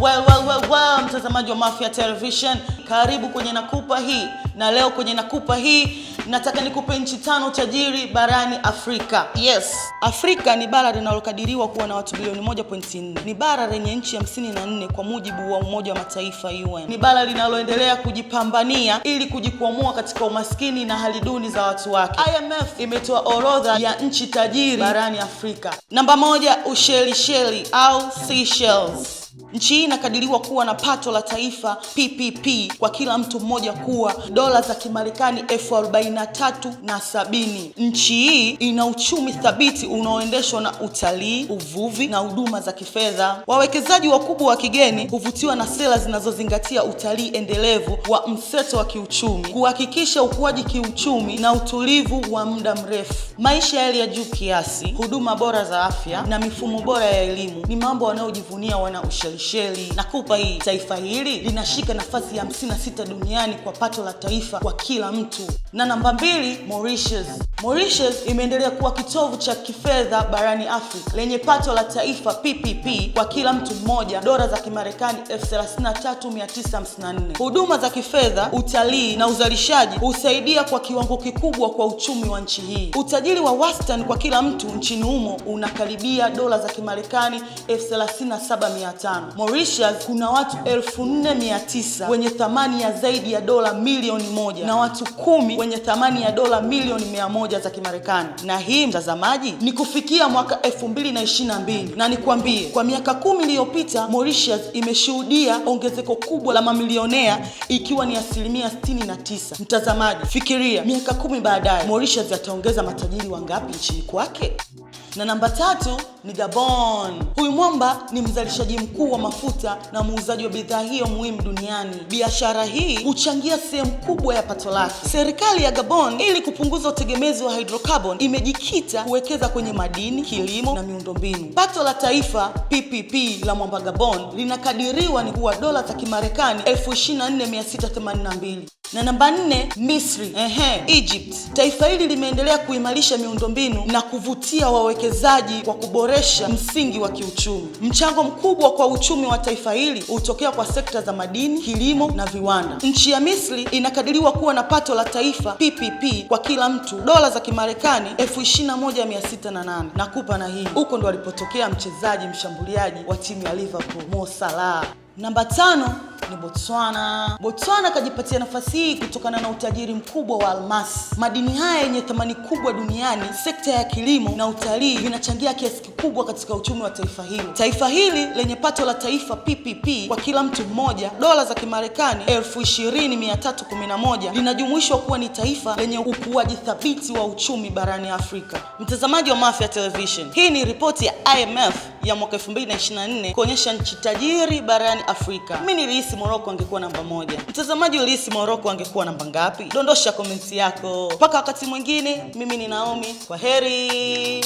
Well, well, well, well, mtazamaji wa Mafia Television, karibu kwenye nakupa hii, na leo kwenye nakupa hii nataka nikupe nchi tano tajiri barani Afrika. Yes, Afrika ni bara linalokadiriwa kuwa na watu bilioni 1.4. Ni bara lenye nchi 54 kwa mujibu wa Umoja wa Mataifa UN. Ni bara linaloendelea kujipambania ili kujikwamua katika umaskini na hali duni za watu wake. IMF imetoa orodha ya nchi tajiri barani Afrika. Namba moja, Ushelisheli au Seychelles. Nchi hii inakadiriwa kuwa na pato la taifa PPP kwa kila mtu mmoja kuwa dola za Kimarekani elfu arobaini na tatu na sabini. Nchi hii ina uchumi thabiti unaoendeshwa na utalii, uvuvi na huduma za kifedha. Wawekezaji wakubwa wa kigeni huvutiwa na sera zinazozingatia utalii endelevu wa mseto wa kiuchumi, kuhakikisha ukuaji kiuchumi na utulivu wa muda mrefu. Maisha yali ya juu kiasi, huduma bora za afya na mifumo bora ya elimu ni mambo wanayojivunia wana Ushelisheli. Seychelles. kupa hii. Taifa hili linashika nafasi ya 56 duniani kwa pato la taifa kwa kila mtu, na namba mbili Mauritius Mauritius imeendelea kuwa kitovu cha kifedha barani Afrika lenye pato la taifa PPP kwa kila mtu mmoja dola za Kimarekani 33954. Huduma za kifedha, utalii na uzalishaji husaidia kwa kiwango kikubwa kwa uchumi wa nchi hii. Utajiri wa wastani kwa kila mtu nchini humo unakaribia dola za Kimarekani 37500. Mauritius kuna watu 4900 wenye thamani ya zaidi ya dola milioni moja na watu kumi wenye thamani ya dola milioni 100 moja za Kimarekani, na hii mtazamaji ni kufikia mwaka elfu mbili na na mbili na nikwambie, kwa miaka kumi iliyopita Mauritius imeshuhudia ongezeko kubwa la mamilionea ikiwa ni asilimia 69. Mtazamaji, fikiria miaka kumi baadaye Mauritius yataongeza matajiri wangapi nchini kwake? na namba tatu ni Gabon. Huyu mwamba ni mzalishaji mkuu wa mafuta na muuzaji wa bidhaa hiyo muhimu duniani. Biashara hii huchangia sehemu kubwa ya pato lake. Serikali ya Gabon, ili kupunguza utegemezi wa hydrocarbon, imejikita kuwekeza kwenye madini, kilimo na miundombinu. Pato la taifa PPP la mwamba Gabon linakadiriwa ni kuwa dola za Kimarekani 24682. Na namba nne, Misri, ehe, Egypt. Taifa hili limeendelea kuimarisha miundombinu na kuvutia wawekezaji kwa kuboresha msingi wa kiuchumi. Mchango mkubwa kwa uchumi wa taifa hili hutokea kwa sekta za madini, kilimo na viwanda. Nchi ya Misri inakadiriwa kuwa na pato la taifa PPP kwa kila mtu dola za Kimarekani elfu ishirini na moja mia sita na nane. Nakupa na hii, huko ndo alipotokea mchezaji mshambuliaji wa timu ya Liverpool Mo Salah. Namba tano ni Botswana. Botswana kajipatia nafasi hii kutokana na utajiri mkubwa wa almasi. Madini haya yenye thamani kubwa duniani, sekta ya kilimo na utalii vinachangia kiasi kikubwa katika uchumi wa taifa hilo. Taifa hili lenye pato la taifa PPP kwa kila mtu mmoja dola za Kimarekani elfu ishirini mia tatu kumi na moja linajumuishwa kuwa ni taifa lenye ukuaji thabiti wa uchumi barani Afrika. Mtazamaji wa Mafia Television, hii ni ripoti ya IMF ya mwaka 2024 kuonyesha nchi tajiri barani Afrika. Mimi nilihisi Morocco angekuwa namba moja. Mtazamaji, ulihisi Morocco angekuwa namba ngapi? Dondosha komenti yako. Mpaka wakati mwingine, mimi ni Naomi, kwa heri.